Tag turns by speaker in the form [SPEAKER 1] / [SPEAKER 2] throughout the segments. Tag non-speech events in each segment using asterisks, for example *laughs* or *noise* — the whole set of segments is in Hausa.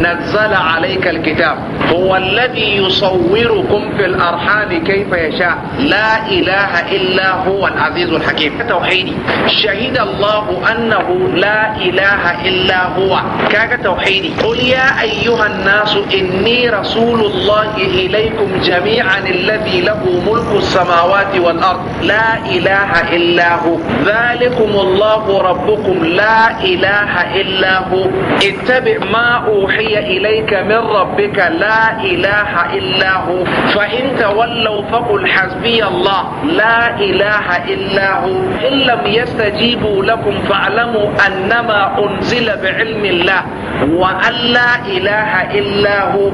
[SPEAKER 1] نزل عليك الكتاب هو الذي يصوركم في الأرحام كيف يشاء لا إله إلا هو العزيز الحكيم توحيدي شهد الله أنه لا إله إلا هو كاك توحيدي قل يا أيها الناس إني رسول الله إليكم جميعا الذي له ملك السماوات والأرض لا إله إلا هو ذلكم الله ربكم لا إله إلا هو اتبع ما أوحي وحي إليك من ربك لا إله إلا هو فإن تولوا فقل حسبي الله لا إله إلا هو إن لم يستجيبوا لكم فاعلموا أنما أنزل بعلم الله وأن لا إله إلا هو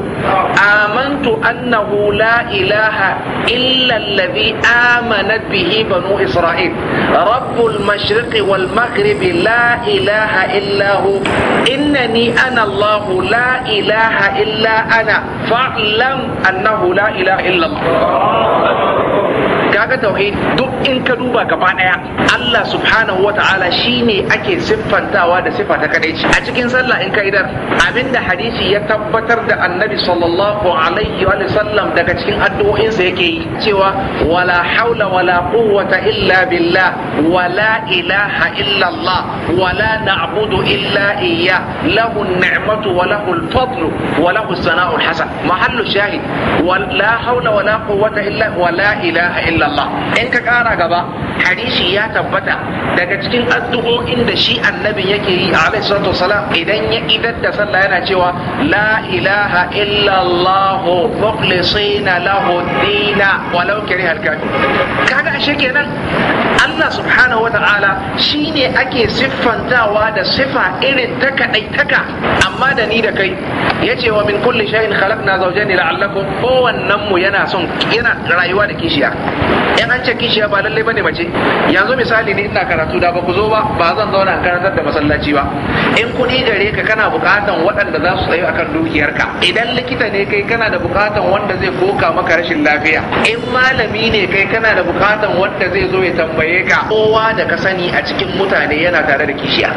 [SPEAKER 1] آمنت أنه لا إله إلا الذي آمنت به بنو إسرائيل رب المشرق والمغرب لا إله إلا هو إنني أنا الله لا لا إله إلا أنا فاعلم أنه لا إله إلا الله kaga tauhid duk in ka duba gaba daya Allah subhanahu wata'ala shine ake siffantawa da siffa ta kadaici a cikin sallah in ka idar abinda hadisi ya tabbatar da annabi sallallahu alaihi wa sallam daga cikin addu'o'insa yake yi cewa wala haula wala quwwata illa billah wala ilaha illa Allah wala na'budu illa iyyah lahu an-ni'matu wa lahu al-fadlu wa lahu as-sana'u al-hasan mahallu shahid wala haula wala quwwata illa wala ilaha illa rasulullah in ka kara gaba hadisi ya tabbata daga cikin addu'o'in da shi Annabi yake yi a alaihi salatu idan ya idan da sallah yana cewa la ilaha illa allah mukhlisina lahu dina walau kariha halka Ka kaga ashe kenan Allah subhanahu shi shine ake siffantawa da sifa irin ta amma da ni da kai ce wa min kulli shay'in khalaqna zawjayn la'allakum kowannen mu yana son yana rayuwa da kishiya in an ce kishiya ba lalle bane mace yanzu misali ne ina karatu da ba ku zo ba ba zan zauna karantar da masallaci ba in kuɗi gare ka kana buƙatan waɗanda za su tsayo akan dukiyarka idan likita ne kai kana da buƙatan wanda zai koka maka rashin lafiya in malami ne kai kana da buƙatan wanda zai zo ya tambaye ka kowa da ka sani a cikin mutane yana tare da kishiya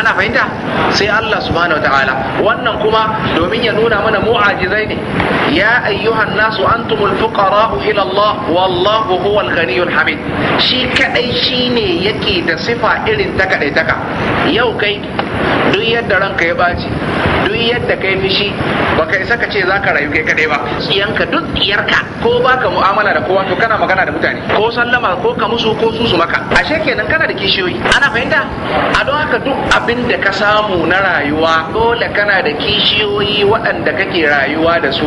[SPEAKER 1] ana fahimta sai Allah subhanahu wataala wannan kuma domin ya nuna mana mu'ajizai ne ya ayyuhan nasu antumul fuqara'u ila Allah wallahu huwal ghaniyyul hamid shi kadai shine yake da sifa irin ta kadai taka yau kai duk yadda ranka ya ɓaci duk yadda kai fishi ba kai ka ce za ka rayu kai kaɗai ba tsiyanka duk tsiyarka ko ba ka mu'amala da kowa to kana magana da mutane ko sallama ko ka musu ko su su maka ashe kenan kana da kishiyoyi ana fahimta a don haka duk abin da ka samu na rayuwa dole kana da kishiyoyi waɗanda kake rayuwa da su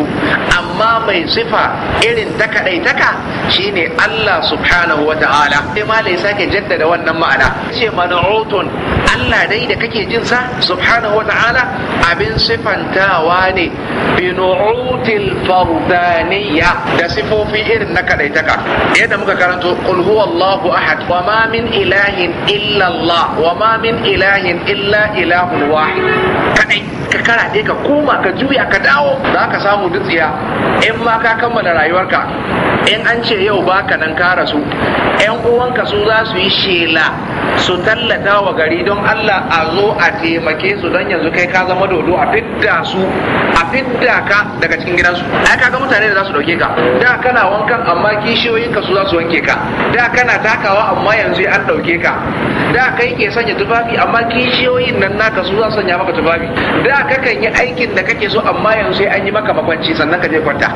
[SPEAKER 1] amma mai sifa irin ta taka shine Allah subhanahu wa ta'ala sai ma sake jaddada wannan ma'ana ce man'utun Allah dai da kake jin mulkinsa subhanahu wa abin sifantawa ne binu'util fardaniya da sifofi irin na kadaitaka yadda muka karanto qul huwallahu ahad wa ma min ilahin illa Allah wa ma min ilahin illa ilahun wahid kadai ka karaɗe ka koma ka juya ka dawo za ka samu dutsiya in ma ka kammala rayuwarka in an ce yau baka nan ka rasu yan uwanka su za su yi shela su tallata wa gari don Allah a zo a taimake su don yanzu kai ka zama dodo a fidda su a fidda ka daga cikin gidansu ai kaga mutane da za su dauke ka da kana wankan amma kishiyoyin ka su za su wanke ka da kana takawa amma yanzu an dauke ka da kai ke sanya tufafi amma kishiyoyin nan naka su za su sanya maka tufafi da ka kan yi aikin da kake so amma yanzu an yi maka makwanci sannan ka je kwanta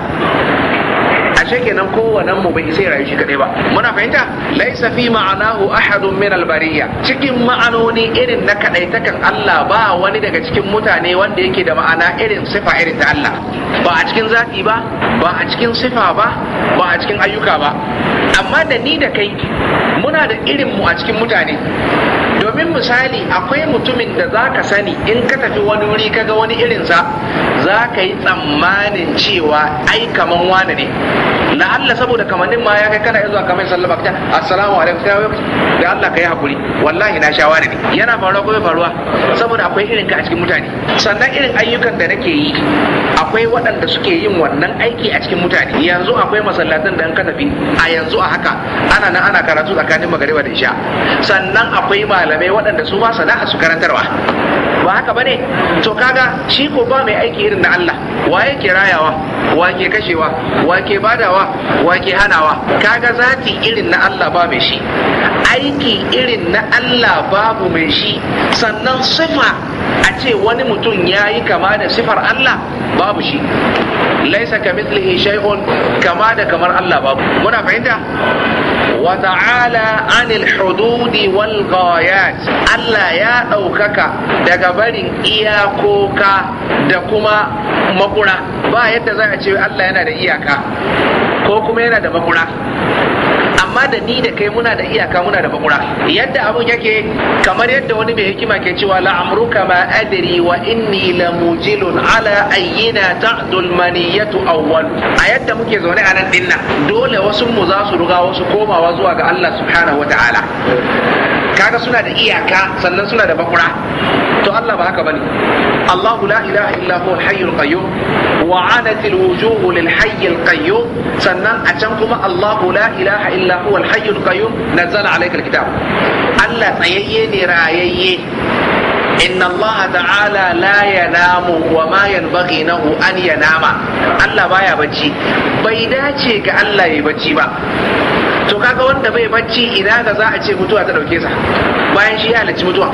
[SPEAKER 1] ashe kenan kowannen mu bai isa rayu shi kadai ba muna fahimta laisa fi ma'anahu ahadun min albariya cikin ma'anoni irin na kadaitakan Allah ba wani daga cikin mutane wanda yake da ma'ana irin sifa irin ta Allah ba a cikin zati ba ba a cikin sifa ba ba a cikin ayyuka ba amma da ni da kai muna da irin mu a cikin mutane domin misali akwai mutumin da za ka sani in ka tafi wani wuri kaga wani irinsa za ka yi tsammanin cewa ai kaman wani ne la'alla saboda kamannin ma ya kai kana zuwa kamar sallama ta assalamu alaikum ta yau da Allah ka yi hakuri wallahi na shawara ne yana faruwa ko faruwa saboda akwai irin ka a cikin mutane sannan irin ayyukan da nake yi akwai waɗanda suke yin wannan aiki a cikin mutane yanzu akwai masallatan da an ka tafi a yanzu a haka ana nan ana karatu tsakanin magariba da isha sannan akwai malamai malamai waɗanda su ma sana'a su karantarwa ba haka bane to kaga shi ko ba mai aiki irin na Allah wa yake rayawa wa ke kashewa wa ke badawa wa ke hanawa kaga zati irin na Allah ba mai shi aiki irin na Allah babu mai shi sannan sifa a ce wani mutum ya yi kama da sifar Allah babu shi laisa kamithlihi shay'un kama da kamar Allah babu muna fahimta wata'ala anil hududi wal ghayat Allah ya ɗaukaka daga barin iyakoka da kuma makura ba yadda za a ce Allah yana da iyaka ko kuma yana da makura amma da ni da kai muna da iyaka muna da bakura yadda abun yake kamar yadda wani mai hikima ke cewa la amruka ma adri wa inni la mujilun ala ayyina ta'dul maniyatu awwal a yadda muke zaune a nan dinnan dole wasu mu za su ruga wasu komawa zuwa ga Allah subhanahu wataala kaga suna da iyaka sannan suna da bakura to Allah ba haka bane Allahu la ilaha illa huwa al-hayyul qayyum wa anatil wujuhu lil hayyil qayyum sannan a can kuma Allahu la ilaha illa huwa al-hayyul qayyum nazzala alayka al-kitab Allah tsayayye ne rayayye إن الله تعالى لا ينام وما ينبغي له أن ينام الله بايا بجي بيداتي كأن لا يبجي با to kaga wanda bai bacci ina ga za a ce mutuwa ta dauke sa bayan shi ya halarci mutuwa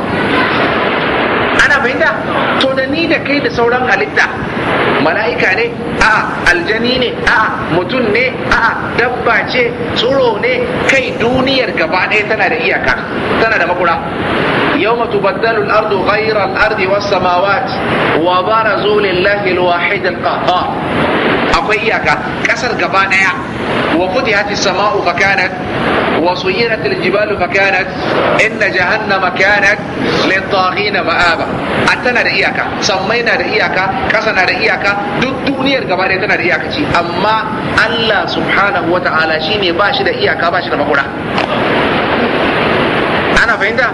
[SPEAKER 1] ana fahimta to da ni da kai da sauran halitta mala'ika ne a aljani ne a mutum ne a dabba ce tsuro ne kai duniyar gaba ɗaya tana da iyaka tana da makura يوم تبدل الأرض غير الأرض والسماوات وبرزوا لله الواحد القهار akwai iyaka kasar gaba daya wa futihatis sama'u fakanat wa suyirat aljibalu fakanat inna jahannama kanat lit-taghina ma'aba tana da iyaka sammai na da iyaka kasa na da iyaka duk duniyar gaba daya tana da ci. amma Allah subhanahu wa ta'ala shine ba shi da iyaka ba shi da makura ana fahimta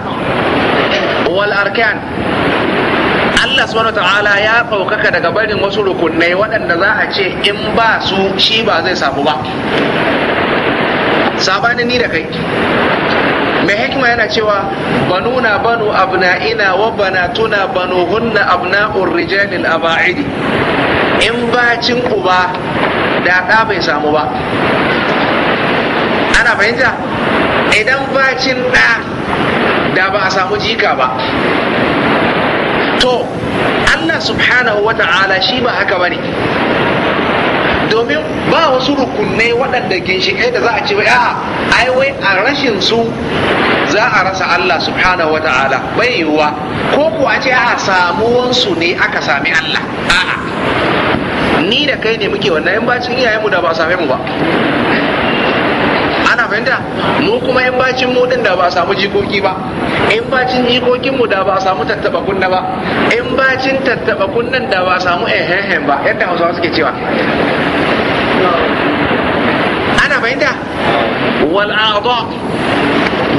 [SPEAKER 1] wal arkan Allah subhanahu ta'ala ya ɗaukaka daga barin wasu rukunai waɗanda za a ce in ba su shi ba zai samu ba sabanin ni da kai mai hikima yana cewa na banu abna'ina wa banatuna banuhunna abna'ur rijalil aba'idi in bacin uba da ɗa bai samu ba ana fahimta idan bacin ɗa da ba a samu jika ba to Allah subhanahu wa ta'ala shi ba haka bane domin ba wasu rukunai waɗanda ginshiƙai da za a ce ba ai wai a rashin su za a rasa Allah subhanahu wa ta'ala bai yiwuwa ko ku a ce a'a samuwansu ne aka sami Allah a'a ni da kai ne muke wannan in bacin iyayenmu da ba same mu ba fahimta mu kuma yan bacin mu din da ba a samu jikoki ba yan bacin jikokin mu da ba a samu tattaba kunna ba yan bacin tattaba kunnan da ba a samu ehehen ba yadda hausawa suke cewa ana fahimta wal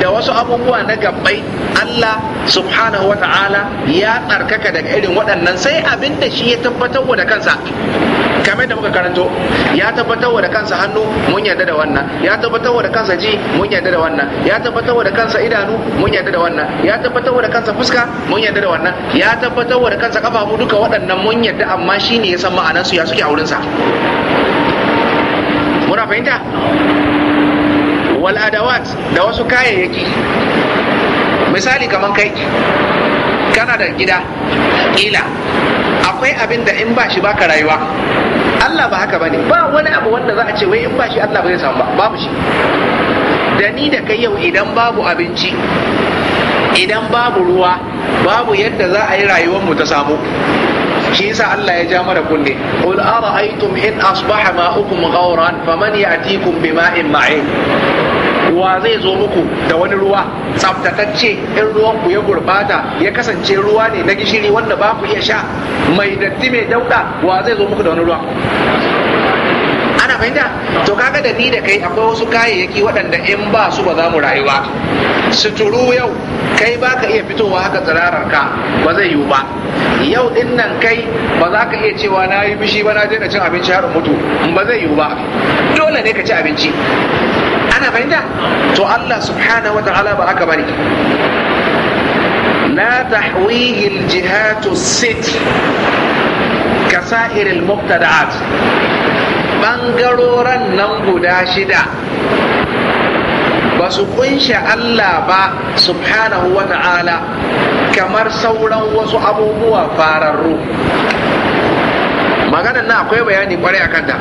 [SPEAKER 1] da wasu abubuwa na gabbai Allah subhanahu wa ta'ala ya tsarkaka daga irin waɗannan sai abin da shi ya tabbatar da kansa kamar da muka karanto ya tabbatar da kansa hannu mun yarda da wannan ya tabbatar da kansa ji mun yarda da wannan ya tabbatar da kansa idanu mun yarda da wannan ya tabbatar da kansa fuska mun yarda da wannan ya tabbatar da kansa kafafu duka waɗannan mun yarda amma shine ya san ma'anar su ya suke a wurin sa muna fahimta wal adawat da wasu kayayyaki misali kaman kai kana da gida ila akwai abin da in ba shi baka rayuwa Allah ba haka bane ba wani abu wanda za a ce wai in ba shi Allah ba zai samu ba babu shi da ni da kai yau idan babu abinci idan babu ruwa babu yadda za a yi rayuwar mu ta samu shi yasa Allah ya ja mana kunne qul ara'aytum in asbaha ma'ukum ghawran faman ya'tikum bima'in ma'in wa zai zo muku da wani ruwa tsabtatacce in ruwan ku ya gurbata ya kasance ruwa ne na gishiri wanda ba ku iya sha mai datti mai dauda wa zai zo muku da wani ruwa ana fahimta to kaga da ni da kai akwai wasu kayayyaki waɗanda in ba su ba za mu rayu ba suturu yau kai ba ka iya fitowa haka tsirarar ka ba zai yiwu ba yau din nan kai ba za ka iya cewa na yi bishi ba na je na cin abinci har mutu ba zai yiwu ba dole ne ka ci abinci ana fahimta to Allah subhanahu wa ta'ala ba aka bane la tahwihi jihatu sit kasa'ir al-mubtada'at bangaroran nan guda shida ba su Allah ba subhanahu wa ta'ala kamar sauran wasu abubuwa fararru maganar na akwai bayani kwarai a kanta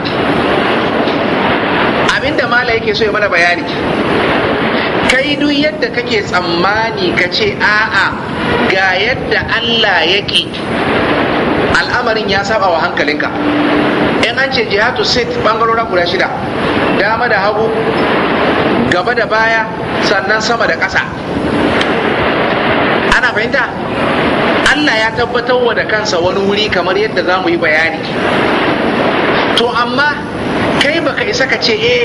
[SPEAKER 1] abinda mala yake so ya mana bayani kai duk yadda kake tsammani ka ce a'a ga yadda Allah yake al'amarin ya saba wa hankalinka in an ce jihatu sit bangarorin guda shida dama da hagu gaba da baya sannan sama da ƙasa ana fahimta Allah ya tabbatar wa da kansa wani wuri kamar yadda za mu yi bayani to amma kai baka isa ka ce eh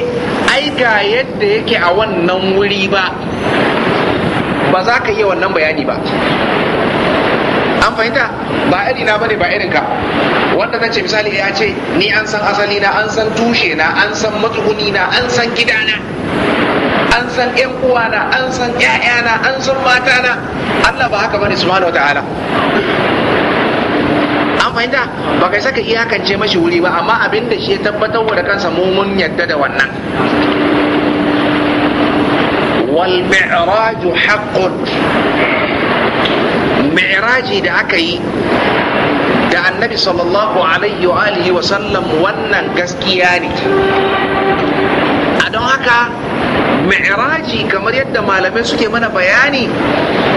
[SPEAKER 1] ai ga yadda yake a wannan wuri ba ba za ka iya wannan bayani ba an fahimta ba iri na bane ba irinka wanda zan ce misali ya ce ni an san asali na an san tushe na an san matsuguni na an san gidana an san yan na, an san 'ya'ya na, an san mata na, Allah ba haka bane subhanahu wataala fahimta ba kai saka iyakance mashi wuri ba amma abin da shi ya tabbatar da kansa mu mun yadda da wannan wal mi'raju haqqun mi'raji da aka yi da annabi sallallahu alaihi wa alihi wa sallam wannan gaskiya ne a don haka mi'raji kamar yadda malamai suke mana bayani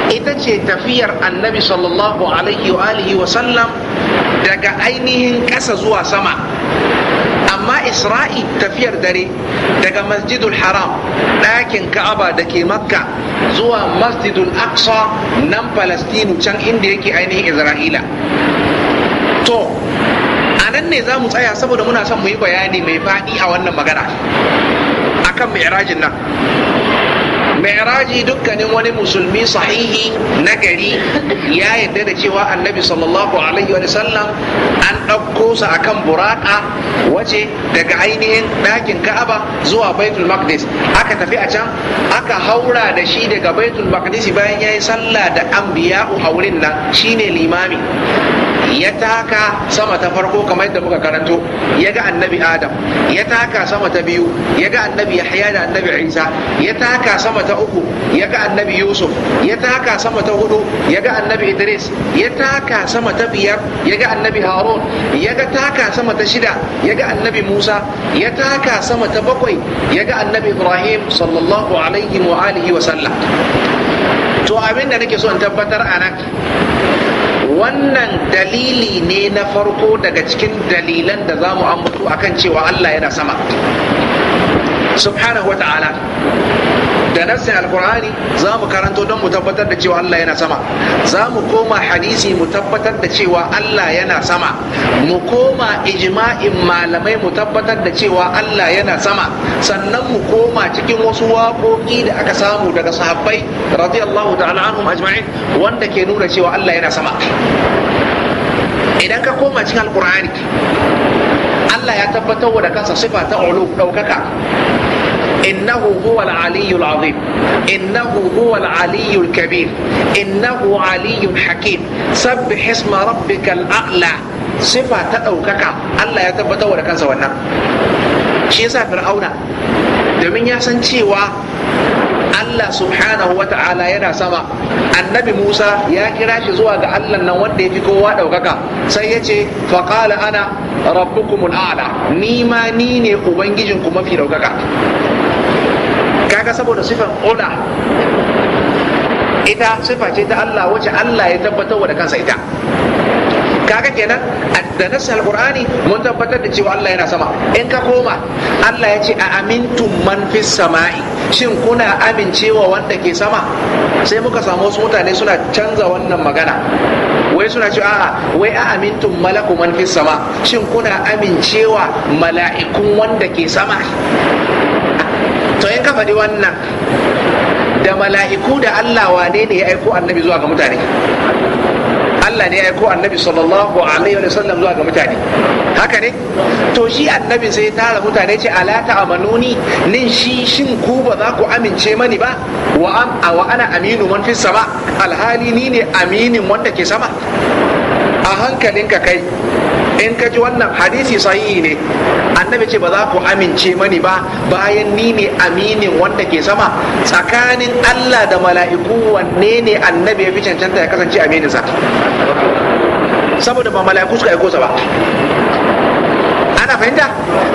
[SPEAKER 1] ita ce tafiyar annabi sallallahu alaihi wa alihi wa sallam daga ainihin ƙasa zuwa sama amma isra'i tafiyar dare daga masjidul haram ɗakin ka'aba da ke makka zuwa masjidul aqsa nan palestinu can inda yake ainihin isra'ila to a nan ne za mu tsaya saboda muna son mu yi bayani mai faɗi a wannan magana akan mi'rajin nan mi'raji dukkanin wani musulmi sahihi na gari ya yadda da cewa annabi sallallahu alaihi wa sallam an ɗauko sa akan buraka wace daga ainihin ɗakin ka'aba zuwa baitul maqdis aka tafi a can aka haura da shi daga baitul maqdis bayan ya yi sallah da anbiya'u haurin nan shine limami ya taka sama ta farko kamar yadda muka karanto ya ga annabi adam ya taka sama ta biyu ya ga annabi yahya da annabi isa ya taka sama ta uku ya ga annabi yusuf ya taka sama ta hudu ya ga annabi idris ya taka sama ta biyar ya ga annabi harun ya ga taka sama ta shida ya ga annabi musa ya taka sama ta bakwai ya ga annabi ibrahim sallallahu alaihi wa alihi wa sallam to abin da nake so in tabbatar a nan wannan dalili ne na farko daga cikin dalilan da za mu ambatu akan cewa Allah yana sama subhanahu wa ta'ala da nassin alkur'ani za mu karanto don mu tabbatar da cewa Allah yana sama za mu koma hadisi mu tabbatar da cewa Allah yana sama mu koma ijma'in malamai mu tabbatar da cewa Allah yana sama sannan mu koma cikin wasu waƙoƙi da aka samu daga sahabbai radiyallahu ta'ala anhum ajma'in wanda ke nuna cewa Allah yana sama idan ka koma cikin alkur'ani Allah ya tabbatar da kansa sifa ta ulu ɗaukaka إنه هو العلي العظيم إنه هو العلي الكبير إنه علي حكيم سبح اسم ربك الأعلى صفة تأوكك ألا يتبتو لك سوانا شيء فرعون domin ya san cewa Allah subhanahu wa ta'ala yana sama annabi Musa ya kira shi zuwa ga Allah nan wanda ya fi kowa ɗaukaka sai ya ce faƙala ana rabbukumul a'la ni ma ni ne ubangijinku mafi ɗaukaka kaga saboda sifar oda ita sifa ce ta Allah wacce Allah ya tabbatar da kansa ita kaga kenan da nasa alqur'ani mun tabbatar da cewa Allah yana sama in ka koma Allah ya ce a amintun man fi sama'i shin kuna amincewa wanda ke sama sai muka samu wasu mutane suna canza wannan magana wai suna cewa a'a wai a amintun malaku man fi sama shin kuna amincewa mala'ikun wanda ke sama to in ka faɗi wannan da mala'iku da Allah wane ne ya aiko annabi zuwa ga mutane Allah ne ya aiko annabi sallallahu alaihi wa sallam zuwa ga mutane haka ne to shi annabi sai tara mutane ce ala ta'amanuni nin shi shin ku ba za ku amince mani ba wa am wa ana aminu man fi sama alhali ni ne aminin wanda ke sama a hankalinka kai in ka ji wannan hadisi sahihi ne annabi ce ba za ku amince mani ba bayan ni ne aminin wanda ke sama tsakanin Allah da mala'iku wanne ne annabi ya fi cancanta ya kasance aminin sa saboda ba mala'iku suka aiko sa ba ana fahimta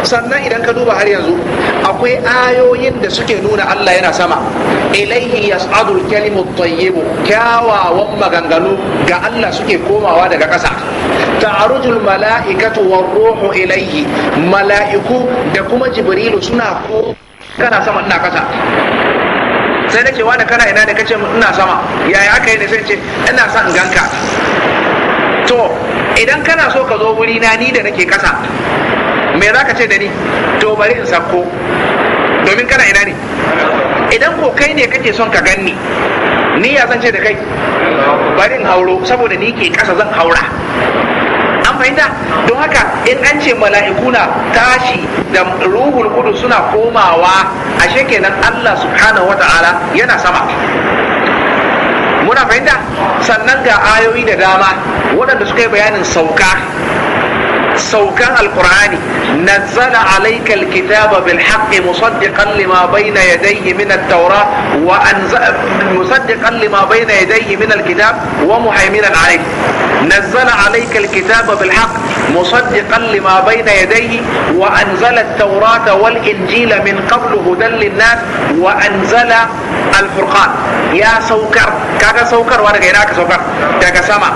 [SPEAKER 1] sannan idan ka duba har yanzu akwai ayoyin da suke nuna Allah yana sama ilaihi yas'adul kalimut tayyibu kyawawan maganganu ga Allah suke komawa daga ƙasa ta'arujul mala'ikatu war ruhu ilayhi mala'iku da kuma jibrilu suna ko kana sama ina kasa sai nake wani kana ina da kace ina sama yaya aka yi ne sai ce ina son ganka to idan kana so ka zo wuri na ni da nake kasa me za ka ce da ni to bari in sakko domin kana ina ne idan ko kai ne kake son ka ganni ni ya zance ce da kai bari in hauro saboda ni ke kasa zan haura fahimta don haka in an ce mala'ikuna tashi da ruhul kudu suna komawa a shekenan Allah subhanahu wata'ala yana sama muna fahimta sannan ga ayoyi da dama waɗanda suka yi bayanin sauka سوكان القرآن نزل عليك الكتاب بالحق مصدقا لما بين يديه من التوراة وأنزل مصدقا لما بين يديه من الكتاب ومهيمنا عليه نزل عليك الكتاب بالحق مصدقا لما بين يديه وأنزل التوراة والإنجيل من قبل هدى للناس وأنزل alfurqan ya saukar kaga saukarwa daga ina aka saukar daga sama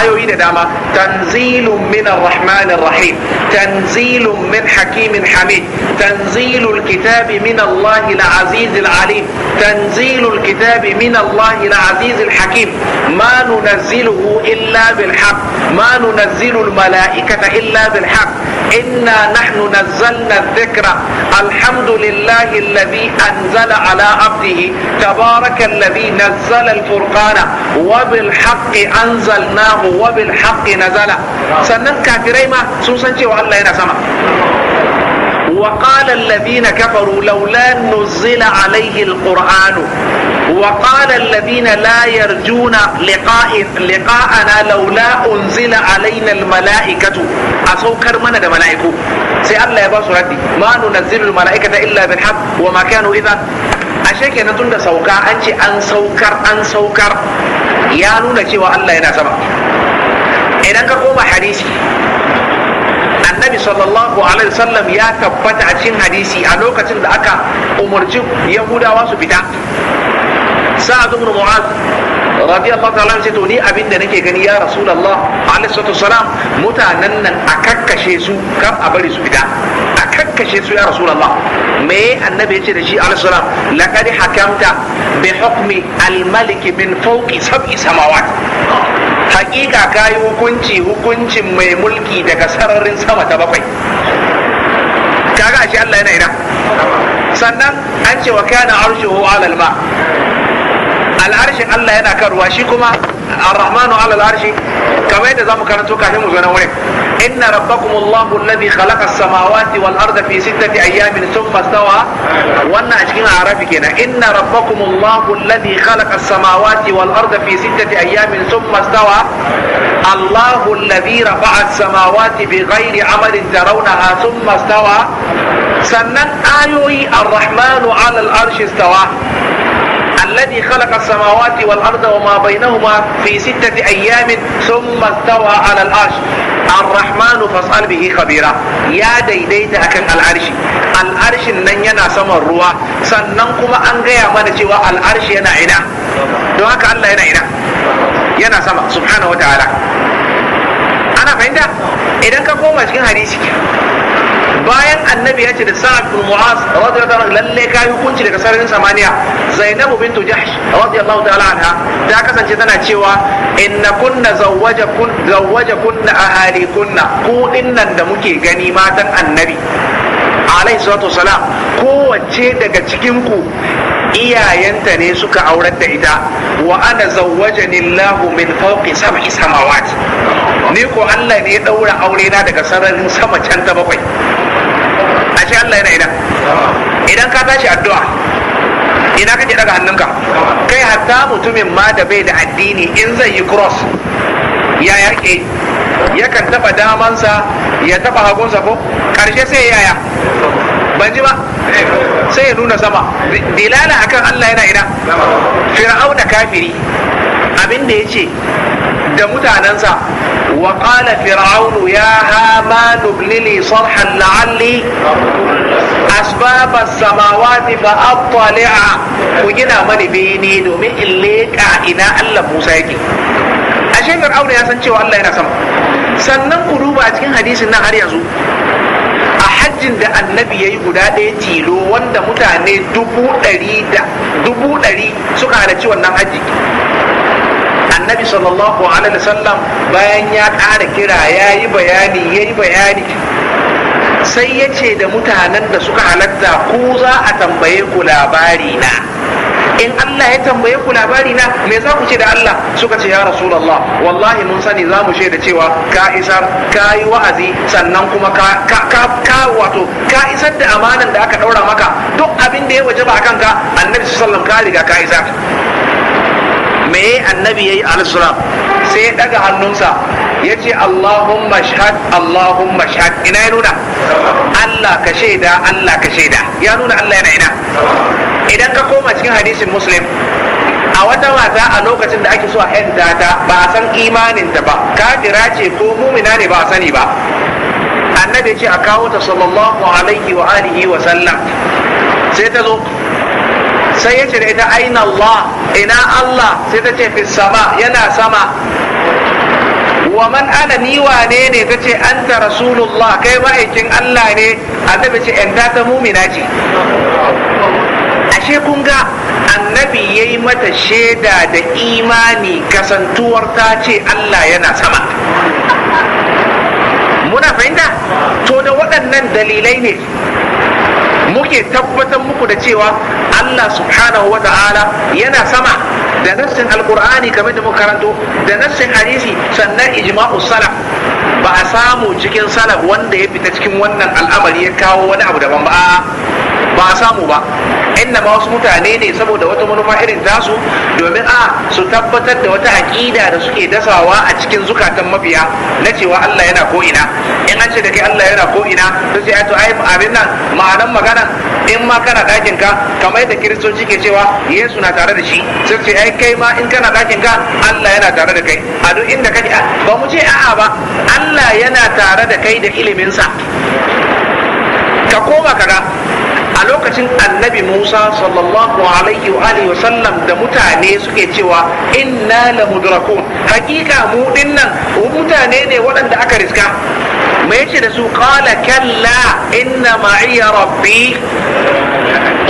[SPEAKER 1] ayoyi da dama tanzilun min ar-rahman ar-rahim tanzilun min hakimin hamid tanzilul kitabi min Allah al-aziz al-alim tanzilul kitabi min Allah al-aziz al-hakim ma nunazziluhu illa bil haqq ma nunazzilu al-mala'ikata illa bil haqq inna nahnu nazzalna adh-dhikra alhamdulillahi alladhi anzala ala abdihi تبارك الذي نزل الفرقان وبالحق أنزلناه وبالحق نزل سنن كافرين ما سوسن شيء والله هنا سما وقال الذين كفروا لولا نزل عليه القرآن وقال الذين لا يرجون لقاء لقاءنا لولا أنزل علينا الملائكة أسوكر من هذا ملائكو سي الله يباس ردي ما ننزل الملائكة إلا بالحق وما كانوا إذا ke na tun da sauka an ce an saukar an saukar ya nuna cewa Allah yana sama idan ka koma hadisi annabi sallallahu alaihi wasallam ya tabbata a cikin hadisi a lokacin da aka umarci yahudawa su fita sa'ad ibn mu'adh radiyallahu ta'ala sai to ni abin da nake gani ya rasulullah alaihi wasallam mutanen nan a kakkashe su kar a bari su fita kakkashe su ya rasulullah me annabi yace da shi alaihi salam laqad hakamta bi hukmi almaliki malik min fawqi sab'i samawat hakika kayi hukunci hukuncin mai mulki daga sararin sama ta bakwai kaga ashe Allah yana ina sannan an ce wa kana arshuhu ala al al'arshin Allah yana kan ruwa shi kuma ar-rahmanu ala al kamar yadda zamu karanto kafin mu zo nan wurin inna rabbakum allahu alladhi khalaqa as-samawati wal arda fi sittati ayamin thumma istawa wannan a cikin arabi kenan inna rabbakum allahu alladhi khalaqa as-samawati wal arda fi sittati ayamin thumma istawa allahu alladhi rafa'a as-samawati bighairi amalin tarawnaha thumma istawa sannan ayoyi ar-rahmanu 'ala الذي خلق السماوات والأرض وما بينهما في ستة أيام ثم استوى على العرش الرحمن فاسأل به خبيرا يا ديديت أكن العرش العرش لن ينا سما الروا سننكم أنقيا من سوى العرش ينا عنا دعاك الله ينا عنا ينا سبحانه وتعالى أنا فهمت إذا كفوما سكين حديثك bayan annabi ya ce da sa'ad bin mu'az radiyallahu anhu lalle kai hukunci daga sararin samaniya zainabu bintu jahsh radiyallahu ta'ala anha ta kasance tana cewa inna kunna zawaje kun kunna ahali kunna ku dinnan da muke gani matan annabi alayhi salatu wasalam kowace daga cikin ku iyayenta ne suka aurar da ita wa ana zawwajani Allah min fawqi sab'i samawat ni ko Allah ne ya daura aure na daga sararin sama can ta bakwai ashe Allah yana ina idan ka tashi addu'a ina ka kake daga hannunka kai hatta mutumin ma da bai da addini in zai yi cross ya yake yakan taba damansa ya taba hagunsa ko karshe sai yaya ban ji ba sai ya nuna sama dilala akan Allah yana ina fir'auna kafiri abin da ya ce da mutanensa wa qala fir'aunu ya hama ibnili sarhan la'alli asbab samawati fa attali'a ku gina mani bene domin in leƙa ina Allah Musa yake ashe fir'aunu ya san cewa Allah yana sama sannan ku duba cikin hadisin nan har yanzu a hajjin da annabi ya yi guda ɗaya tilo wanda mutane dubu ɗari suka halarci wannan hajji annabi sallallahu alaihi wasallam bayan ya ƙara kira ya yi bayani ya yi bayani sai ya ce da mutanen da suka halatta ku za a tambaye ku labari na in Allah ya tambaye ku labari na me za ku ce da Allah suka ce ya rasulullah wallahi mun sani za mu ce da cewa ka isar ka yi wa'azi sannan kuma ka ka wato ka isar da amanan da aka ɗaura maka duk abin da ya waje ba ka, annabi sallallahu alaihi wasallam ka riga ka isar me annabi yayi al-sulam sai daga hannunsa yace Allahumma shahad Allahumma shahad ina ya nuna Allah ka shaida Allah ka shaida ya nuna Allah yana ina idan ka koma cikin hadisin muslim a wata wata a lokacin da ake so a yanta ta ba a san imanin ta ba kafira ce ko mumina ne ba a sani ba annabi ce a kawo ta sallallahu alaihi wa alihi wa sallam sai ta zo sai ya ce da ita aina Allah ina Allah sai ta ce sama yana sama wa man ana ni wane ne ta ce anta rasulullah kai ma'aikin Allah ne annabi ce yanda ta mumina ce ashe kun ga annabi ya yi mata shaida da imani kasantuwar ta ce Allah yana sama muna fahimta to da waɗannan dalilai ne muke tabbatar muku da cewa Allah subhanahu wa ta'ala yana sama da nassin alkur'ani kamar da makaranto da nassin hadisi sannan ijma'u salaf ba a samu cikin salaf wanda ya fita cikin wannan al'amari ya kawo wani abu daban ba ba a samu ba inda ma wasu mutane ne saboda wata manufa irin tasu domin a su tabbatar da wata aƙida da suke dasawa a cikin zukatan mabiya na cewa Allah yana ko'ina an ce da kai Allah yana ko ina sai sai to ai abin nan ma'anan magana in ma kana dakin ka kamar yadda kiristoci ke cewa Yesu na tare da shi sai sai ai kai ma in kana dakin ka Allah yana tare da kai a duk inda kake ba mu ce a'a ba Allah yana tare da kai da iliminsa ka koma kaga a lokacin annabi musa sallallahu alaihi wa alihi wa sallam da mutane suke cewa inna la mudrakun hakika mu dinnan mutane ne waɗanda aka riska me yace da su qala kalla inna ma'iya rabbi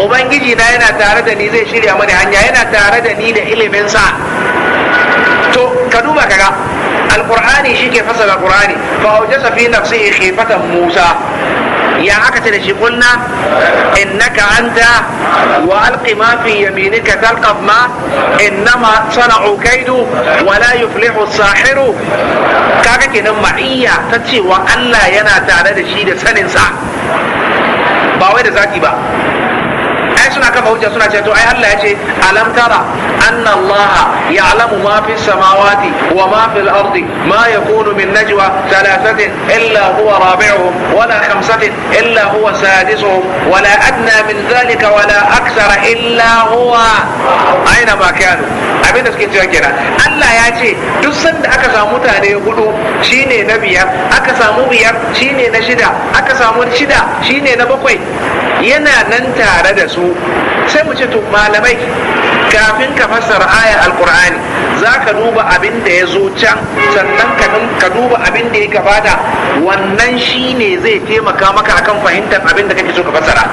[SPEAKER 1] ubangiji na yana tare da ni zai shirya mani hanya yana tare da ni da ilimin sa to ka duba kaga alqur'ani shike fasala qur'ani fa awjasa fi nafsihi khifatan musa ya aka ce da shi kunna innaka anta wa alqi ma fi yaminika talqaf ma innama sana'u kaidu wa la yuflihu sahiru kaga kenan ma'iyya ta cewa Allah yana tare da shi da saninsa ba wai da zaki ba suna kafa hujja suna ce to ai Allah ya ce alam tara anna Allah ya'lamu ma fi samawati wa ma fi al-ardi ma yakunu min najwa thalathatin illa huwa rabi'uhum wala khamsatin illa huwa sadisuhum wala adna min dhalika wala akthara illa huwa aina ma kanu abinda suke cewa kenan Allah ya ce duk sanda aka samu mutane hudu shine na biyar aka samu biyar shine na shida aka samu shida shine na bakwai yana nan tare da su sai mu ce to malamai kafin ka fassara ayar alkur'ani za ka duba abin da ya zo can sannan ka duba abin da ya gabata wannan shi ne zai taimaka maka akan fahimtar abin da kake so ka fassara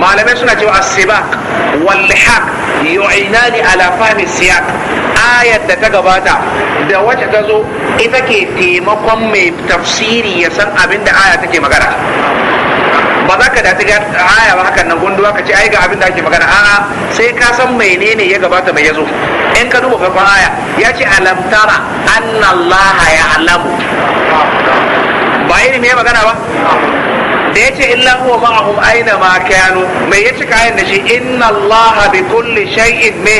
[SPEAKER 1] malamai suna cewa asibak wallihaq yu'inani ala fahmi siyaq ayar da ta gabata da wacce ta zo ita ke taimakon mai tafsiri ya san abin da aya take magana ba za ka dace ga aya ba hakan nan gunduwa ka ce ai ga abin da ake magana a'a sai ka san menene ya gabata mai yazo in ka duba farkon aya ya ce alam tara annallaha ya'lamu ba ilimi ya magana ba da ya illa huwa ma'ahum aina ma kanu mai ya cika ayan da shi inna allaha bi kulli shay'in me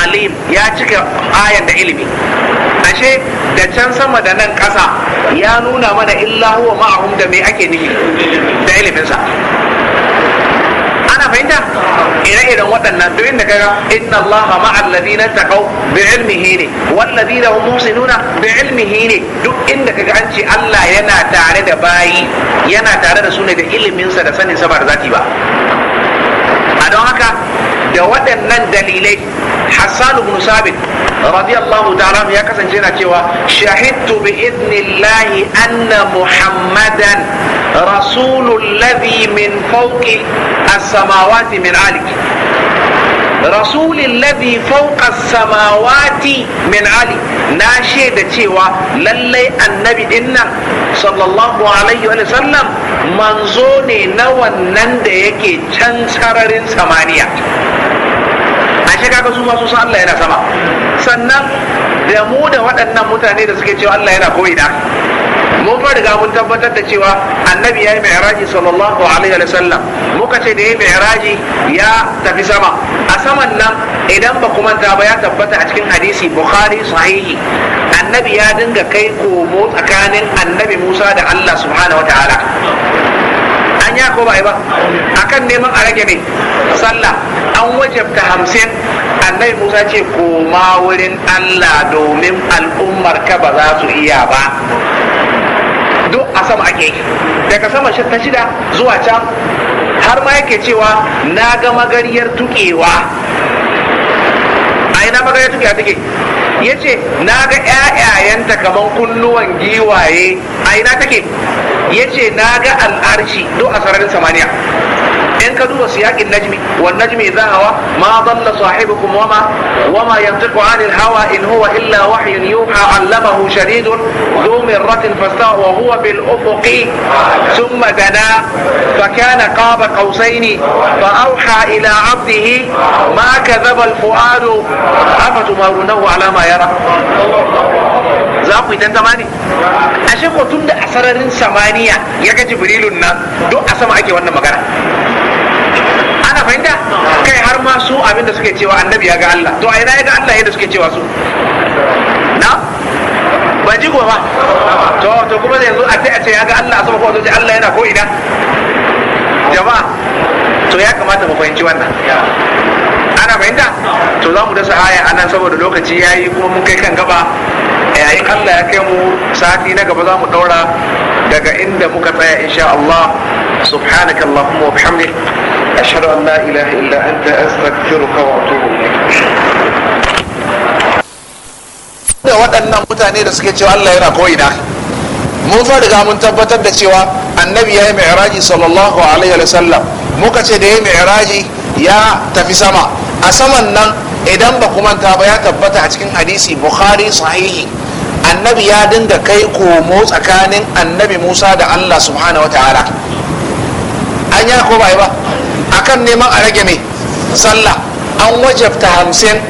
[SPEAKER 1] alim ya cika ayan da ilimi ashe da can sama da nan ƙasa ya nuna mana illa huwa ma'ahum da me ake nufi da iliminsa fahimta ire-iren waɗannan duk inda kaga inna Allah ma'al ladina taqaw bi ilmihi ne wal ladina hum muhsinuna bi ilmihi ne duk inda kaga an ce Allah yana tare da bayi yana tare da su ne da iliminsa da sanin sa ba zati ba a don haka da waɗannan dalilai Hassan ibn Sabit radiyallahu ta'ala ya kasance yana cewa shahidtu bi idnillahi anna Muhammadan رسول الذي من فوق السماوات من عليك رسول الذي فوق السماوات cewa lallai annabi dinnan sallallahu alaihi wa sallam manzo ne na nan da yake can sararin samaniya ashe kaga su ma su san Allah yana sama sannan da mu da waɗannan mutane da suke cewa Allah yana koyi da mun fa riga mun tabbatar da cewa annabi ya yi mi'raji sallallahu alaihi wa sallam muka ce da ya yi mi'raji ya tafi sama a saman nan idan ba kuma ta ba ya tabbata a cikin hadisi bukhari sahihi annabi ya dinga kai komo tsakanin annabi musa da allah subhanahu wa ta'ala an ya ko ba ba akan neman a rage ne sallah an wajabta hamsin annabi musa ce koma wurin allah domin al'ummar ka ba za su iya ba sama ake daga sama ta shida zuwa can har ma yake cewa na ga magariyar tukewa a ina magariyar tukewa take ya ce na ga 'ya'yayanta kamar kunnuwan giwaye a ina take ya ce na ga al'arshi do a sararin samaniya ان كدوا سياق النجم والنجم اذا هوى ما ضل صاحبكم وما وما ينطق عن الهوى ان هو الا وحي يوحى علمه شديد ذو مرة فاستوى وهو بالافق ثم دنا فكان قاب قوسين فاوحى الى عبده ما كذب الفؤاد عفت مارونه على ما يرى za ku yi dan zama ne A ko tun da a sararin samaniya ya ga jibrilun nan duk a sama ake wannan magana ana fahimta kai har ma su abin da suke cewa annabi ya ga Allah to a ina ya ga Allah yadda suke cewa su na ba ji ba to to kuma yanzu a ce a ce ya ga Allah a sama ko a Allah yana ko ina jama'a to ya kamata mu fahimci wannan ana fahimta to za mu dasa aya anan saboda lokaci yayi kuma mun kai kan gaba yayi allah ya kai mu sati na gaba za mu daura daga inda muka tsaya insha allah wa اللهم ashhadu an la ilaha illa anta astaghfiruka wa atubu ilayk
[SPEAKER 2] da waɗannan mutane da suke cewa Allah yana ko'ina mun fa riga mun tabbatar da cewa annabi ya mi'raji sallallahu alaihi wa sallam muka ce da ya mi'raji
[SPEAKER 1] ya tafi sama a saman nan idan ba kuma ta ba ya tabbata a cikin hadisi bukhari sahihi annabi ya dinga kai komo tsakanin annabi musa da allah subhanahu ta'ala an ya ko bai ba A kan neman a rage mai sallah an wajabta hamsin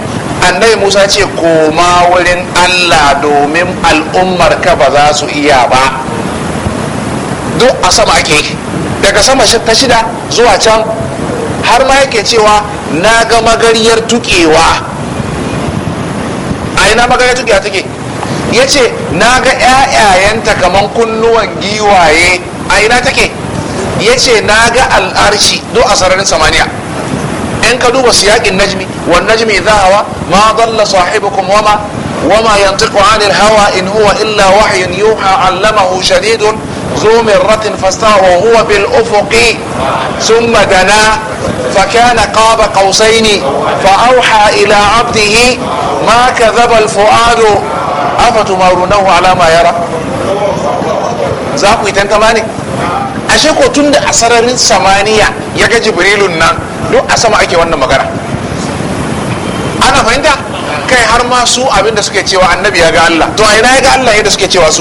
[SPEAKER 1] annabi musa ce koma
[SPEAKER 2] wurin allah domin al'ummar ka ba za su iya ba duk a sama ake daga sama ta shida zuwa can har ma yake cewa na ga magariyar tukewa a ina
[SPEAKER 1] magariyar tukewa take ya ce na ga 'ya'yayanta kamar kunnuwan giwaye a ina take ya ce na ga al'arshi Do a sararin samaniya
[SPEAKER 2] in ka duba siyaƙin najmi wan najmi idha hawa ma zalla sahibu wama wama yantiqu 'anil hawa in huwa illa wahyun yuha 'allamahu shadidun ذو مرة فاستوى وهو بالأفق ثم دنا فكان قاب قوسين فأوحى إلى عبده ما كذب الفؤاد أفتمارونه على ما يرى za ku yi tantama ne ashe ko tun da a sararin samaniya ya ga jibrilun nan duk a sama ake wannan magana ana fahimta kai har ma su abinda suke cewa annabi ya ga Allah to a ina ya ga Allah yadda suke cewa su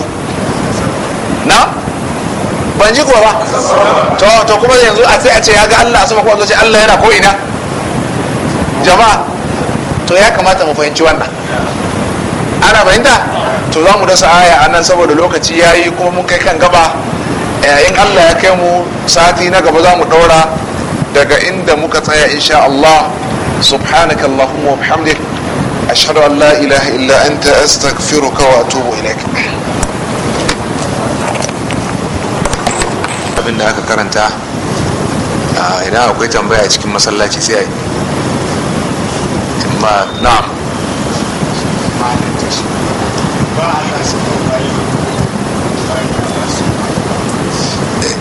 [SPEAKER 2] na ban ji kuwa ba to to kuma yanzu a sai a ce ya ga Allah sama kuma ce Allah yana ko ina jama'a to ya kamata mu fahimci wannan ana fahimta to za mu dasa aya a nan saboda lokaci ya yi kuma mun kai kan gaba eh, in Allah ya kai mu sati na gaba za mu ɗaura daga inda muka tsaya insha Allah subhanaka Allahumma wa bihamdik ashhadu an la ilaha illa anta astaghfiruka wa atubu ilaik abin da aka karanta idan akwai tambaya cikin masallaci sai a yi ma na. Eh,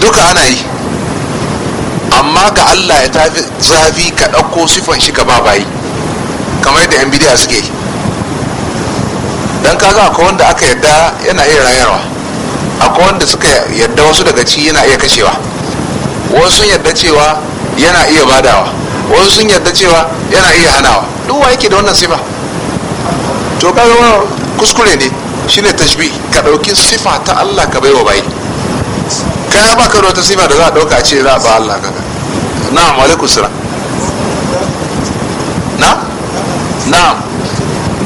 [SPEAKER 2] duka ana yi amma ga allah ya tafi zafi ka ɗauko sifan shi ka babayi kamar yadda yan bidiya suke don kaga akwai wanda aka yadda yana iya rayarwa akwai wanda suka yadda wasu daga ci yana iya kashewa wasu sun yadda cewa yana iya badawa wasu sun yadda cewa yana iya hanawa duk wa yake da wannan sifa to kaga wannan kuskure ne shine tashbi ka dauki sifa ta Allah ka baiwa bai ka ba ka da wata sifa da za a dauka a ce za a ba Allah kaga na'am alaikum salam na na'am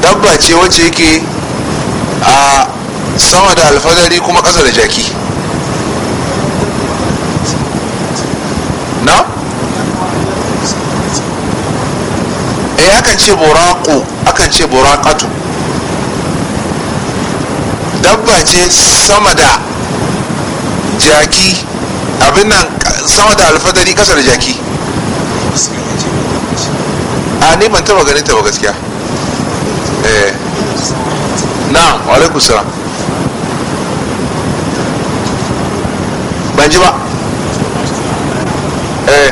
[SPEAKER 2] dabba ce wacce yake a sama da alfadari kuma ƙasa da jaki na? eh akan ce buraku akan ce burakatu dabba ce sama da jaki abin nan sama da alfadari ƙasa da jaki a neman taba ganin taba gaskiya eh na wa ban ji ba eh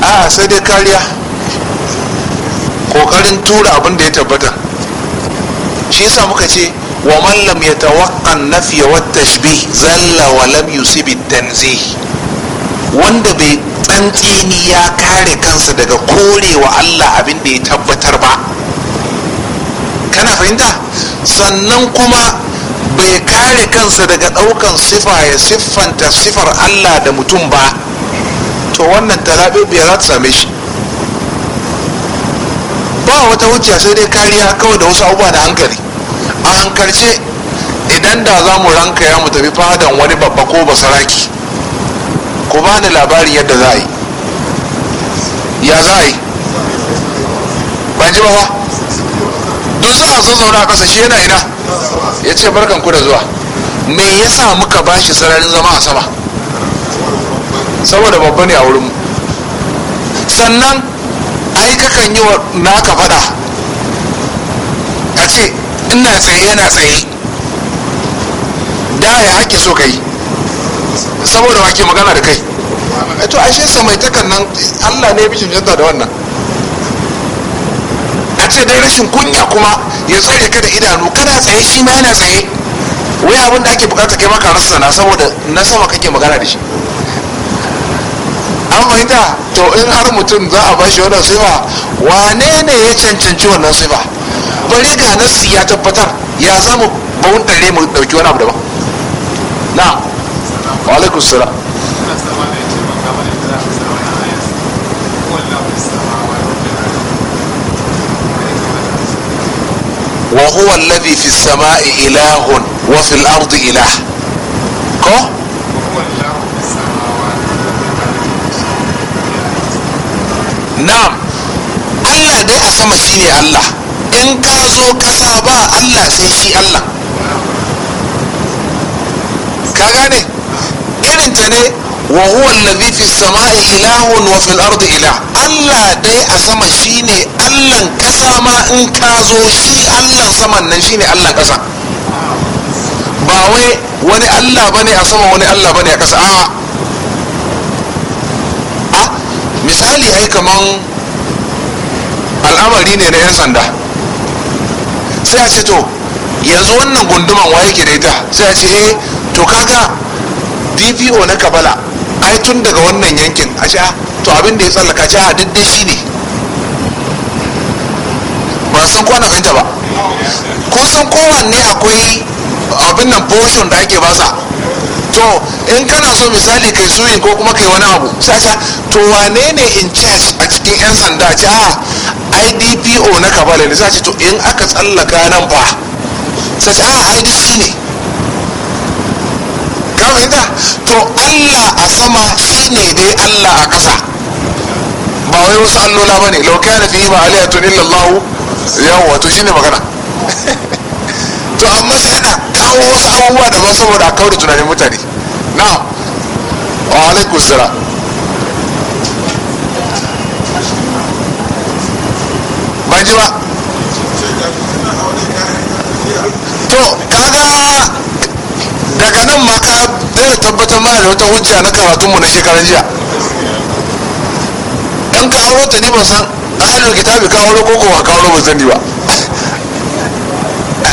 [SPEAKER 2] a ah, sai dai kariya kokarin tura abin da ya tabbata shi yasa muka ce wa man lam yatawaqqan nafiy wa tashbih zalla wa lam yusib tanzih wanda bai tsantsini ya kare kansa daga korewa Allah abin da ya tabbatar ba kana fahimta sannan kuma bai kare kansa daga ɗaukan sifa ya siffanta sifar allah da mutum ba to wannan talabibiyar za ta same shi ba wata hujja sai dai kariya kawai da wasu abubuwa da hankali a hankalce idan da za mu ranka ya mu tafi fadan wani babba ko basaraki ku ba ni labarin yadda za a yi ya za a yi ban ji ba ba duk za a zazzauna a ƙasa shi yana ina ya ce barkan ku da zuwa me yasa muka bashi sararin zama a sama saboda babba ne a wurinmu sannan ai kakan yi wa naka fada a ce ina tsaye yana tsaye da ya hake so ka yi saboda wake magana da kai to ashe samaitakan nan allah ne ya bi cancanta da wannan a ce dai rashin kunya kuma ya tsare ka da idanu kana tsaye shi ma yana tsaye wai abin da ake bukata kai maka rasa na saboda na sama kake magana da shi an fahimta to in har mutum za a bashi wannan sifa wane ne ya cancanci wannan sifa bari ga nasi ya tabbatar ya zama mu bauntare mu dauki wani abu daban na wa alaikum wa huwa fi samai ilahun wa ko na'am Allah dai a sama shine Allah in ka zo kasa ba Allah sai shi Allah ka gane irin ta ne wa huwa alladhi fi ila ilahun wa fil ardi ilah Allah dai a sama shine Allah kasa ma in ka zo shi Allah saman nan shine Allah kasa ba wai wani Allah bane a wani Allah bane a a misali kaman al'amari ne sanda sai a ce to yanzu wannan gunduman waye ke da ita sai a ce eh to kaga DPO na Kabala ai tun daga wannan yankin a sha to abin da ya tsallaka a daidai shi ne ba san kwana fahimta ba ko san kowanne akwai abin nan portion da ake basa to in kana so misali kai suyi ko kuma kai wani abu sasha to wane ne in charge a cikin 'yan sanda ce idpo na kabale ne sace to in aka tsallaka nan ba sace a idc ne fahimta to allah a sama shine dai allah a kasa ba wai wasu allola ba ne lauka na fiye ba aliyar tuni lallahu yawon wato shi ne magana *laughs* to amma sai ana kawo wasu abubuwa da ban saboda a kawar tunanin mutane na wa alaikun sira banji ba to kaga daga nan maka da tabbatar mana da wata hujja na karatunmu na shekaran jiya Dan ka auro ta ni ban san ahalin kitabi ka auro ko ba ka auro ba sani ba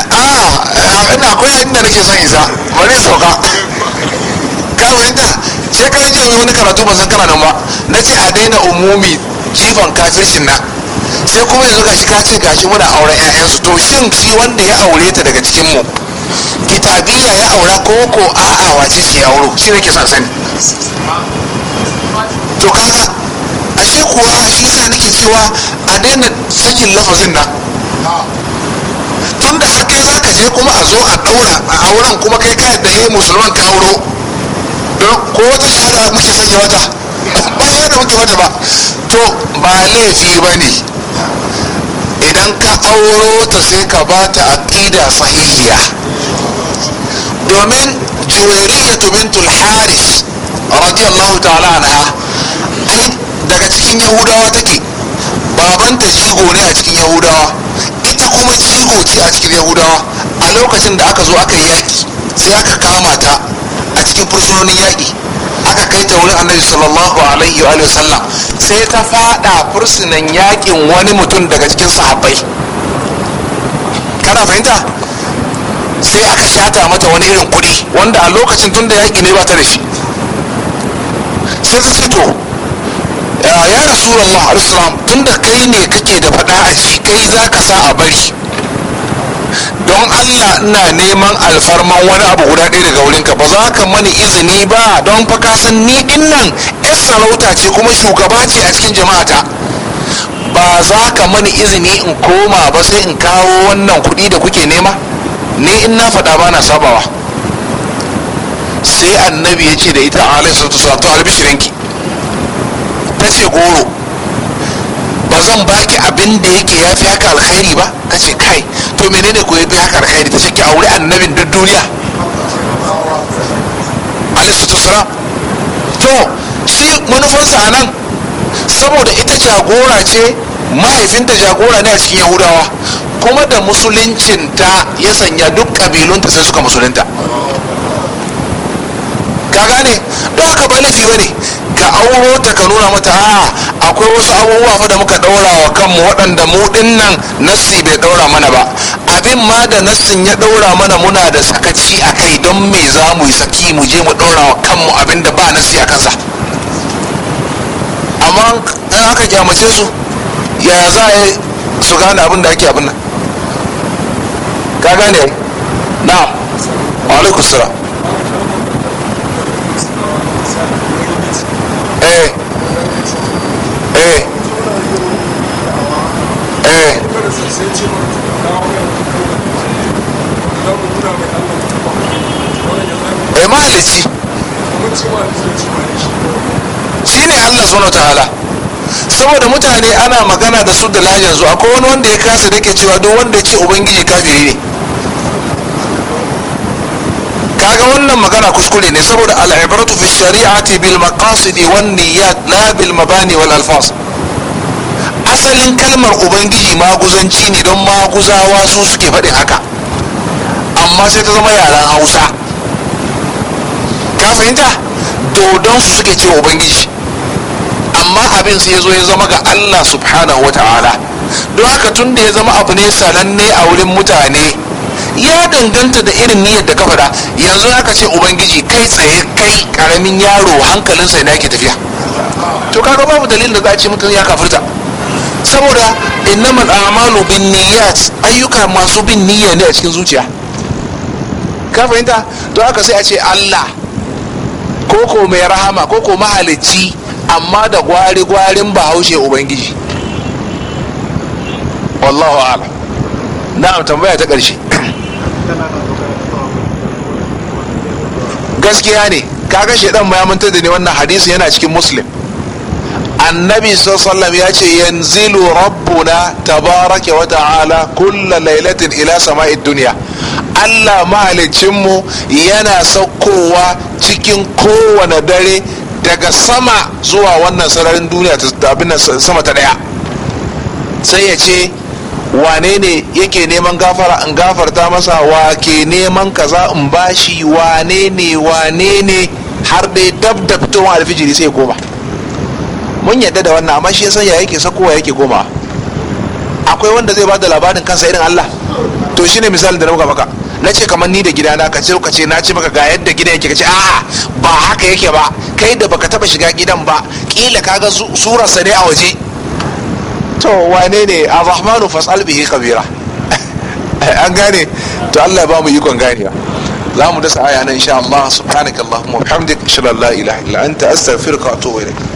[SPEAKER 2] a ina akwai inda nake son isa bari sauka ka fahimta shekaran jiya wani karatu ban san kana nan ba na ce a daina umumi jifan kafircin na sai kuma yanzu gashi ka ce gashi muna auren 'ya'yansu to shin shi wanda ya aure ta daga cikin mu ki kabila ya aura ko ko a'a wace ce wuro shi nake son sani to kaga ashe kuwa shi sa nake cewa a daina sakin lafazin nan tunda har kai zaka je kuma a zo a daura a auren kuma kai kai da ya eh, musulman ka auro don ko wata shahada muke sanya wata ba *laughs* yana muke wata ba to ba laifi ba ne idan ka auro ta sai ka ba ta aƙida sahihiya domin juwairiyatu bintul haris radiyallahu ta'ala anha ai daga cikin yahudawa take babanta jigo ne a cikin yahudawa ita kuma jigo ce a cikin yahudawa a lokacin da aka zo aka yi yaƙi sai aka kama ta a cikin fursunonin yaƙi aka kai ta wurin annabi sallallahu alaihi wa sallam sai ta fada fursunan yaƙin wani mutum daga cikin sahabbai kana fahimta sai aka shata mata wani irin kuɗi wanda a lokacin tun da yaƙi ne ba ta da shi sai ta ya to ya Al-Islam, tun da kai ne kake da faɗa a ji kai za ka sa a bari don allah ina neman alfarman wani abu guda ɗaya daga wurinka ba za ka mani izini ba don fa ka san ni din nan yar sarauta ce kuma shugaba ce a cikin jama'ata ba za ka mani izini in koma ba sai in kawo wannan kuɗi da kuke nema ni in na faɗa ba na sabawa sai annabi ya ce da ita alai sautu sa to albishirinki ta ce goro ba zan baki abin da yake ya fi haka alkhairi ba ta ce kai to menene ko ya fi haka alkhairi ta ce ki aure annabin duk duniya alai sautu sa to shi manufansa a nan saboda ita jagora ce mahaifinta jagora ne a cikin yahudawa kuma da musuluncinta ya sanya duk kabilunta sai suka musulunta ka gane don haka ba laifi ba ne ka auro ta ka nuna mata a akwai wasu abubuwa fa da muka daura wa kanmu waɗanda mu nan nassi bai daura mana ba abin ma da nassin ya ɗaura mana muna da sakaci a kai don me za mu yi saki mu je mu ɗaura wa kanmu abin da ba nassi a kansa amma in aka kyamace su yaya za a yi su gane abin da ake abin nan ka gane na alaikusura mutane ana magana da su da lahajar su akwai wani wanda ya kasa da ke cewa duk wanda ya ce ubangiji kafiri ne kaga wannan magana kuskure ne saboda al'ibratu fi shari'ati bil maqasidi wan niyyat la bil mabani wal alfons. asalin kalmar ubangiji maguzanci ne don maguzawa su suke faɗin haka amma sai ta zama yaran hausa ka fahimta dodon su suke cewa ubangiji amma abin sai ya zo ya zama ga allah subhanahu wa ta'ala don haka tun da ya zama abu ne sananne a wurin mutane ya danganta da irin niyyar da ka fada yanzu aka ce ubangiji kai tsaye kai karamin yaro hankalinsa yana ke tafiya to kaga babu dalilin da za a ce mutum ya kafirta saboda man a'malu bin niyyat ayyuka masu bin niyya ne a cikin zuciya ka fahimta to haka sai a ce Allah ko ko mai rahama ko ko mahalicci amma da gwari gwarin bahaushe ubangiji wallahu ala na'am tambaya ta ƙarshe gaskiya ne kaga shedan ya mantar da ne wannan hadisi yana cikin muslim annabi sallallahu ya ce yanzilu rabbuna tabaraka wa ta'ala kulla lailatin ila sama'id duniya Allah mahaliccinmu yana saukowa cikin kowane dare daga sama zuwa wannan sararin duniya ta abin sama ta daya sai ya ce wane ne yake neman gafara in gafarta masa wa ke neman kaza in bashi wane ne wane ne har dai dab da alfijiri sai koma mun yadda da wannan amma shi ya san ya yake sakowa yake koma akwai wanda zai ba da labarin kansa irin Allah to shine misali da na buga maka na ce kamar ni da gida ka ce ka ce na ce maka ga yadda gida yake ka ce a'a ba haka yake ba kai da baka taba shiga gidan ba kila kaga surarsa ne a waje to wane ne arrahmanu fas'al bihi kabira *laughs* an gane to Allah ya ba mu ikon ganewa za mu dasa aya nan insha Allah subhanakallahumma wa bihamdika ashhadu an la ilaha illa anta astaghfiruka wa atubu ilaik